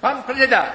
Pan predseda,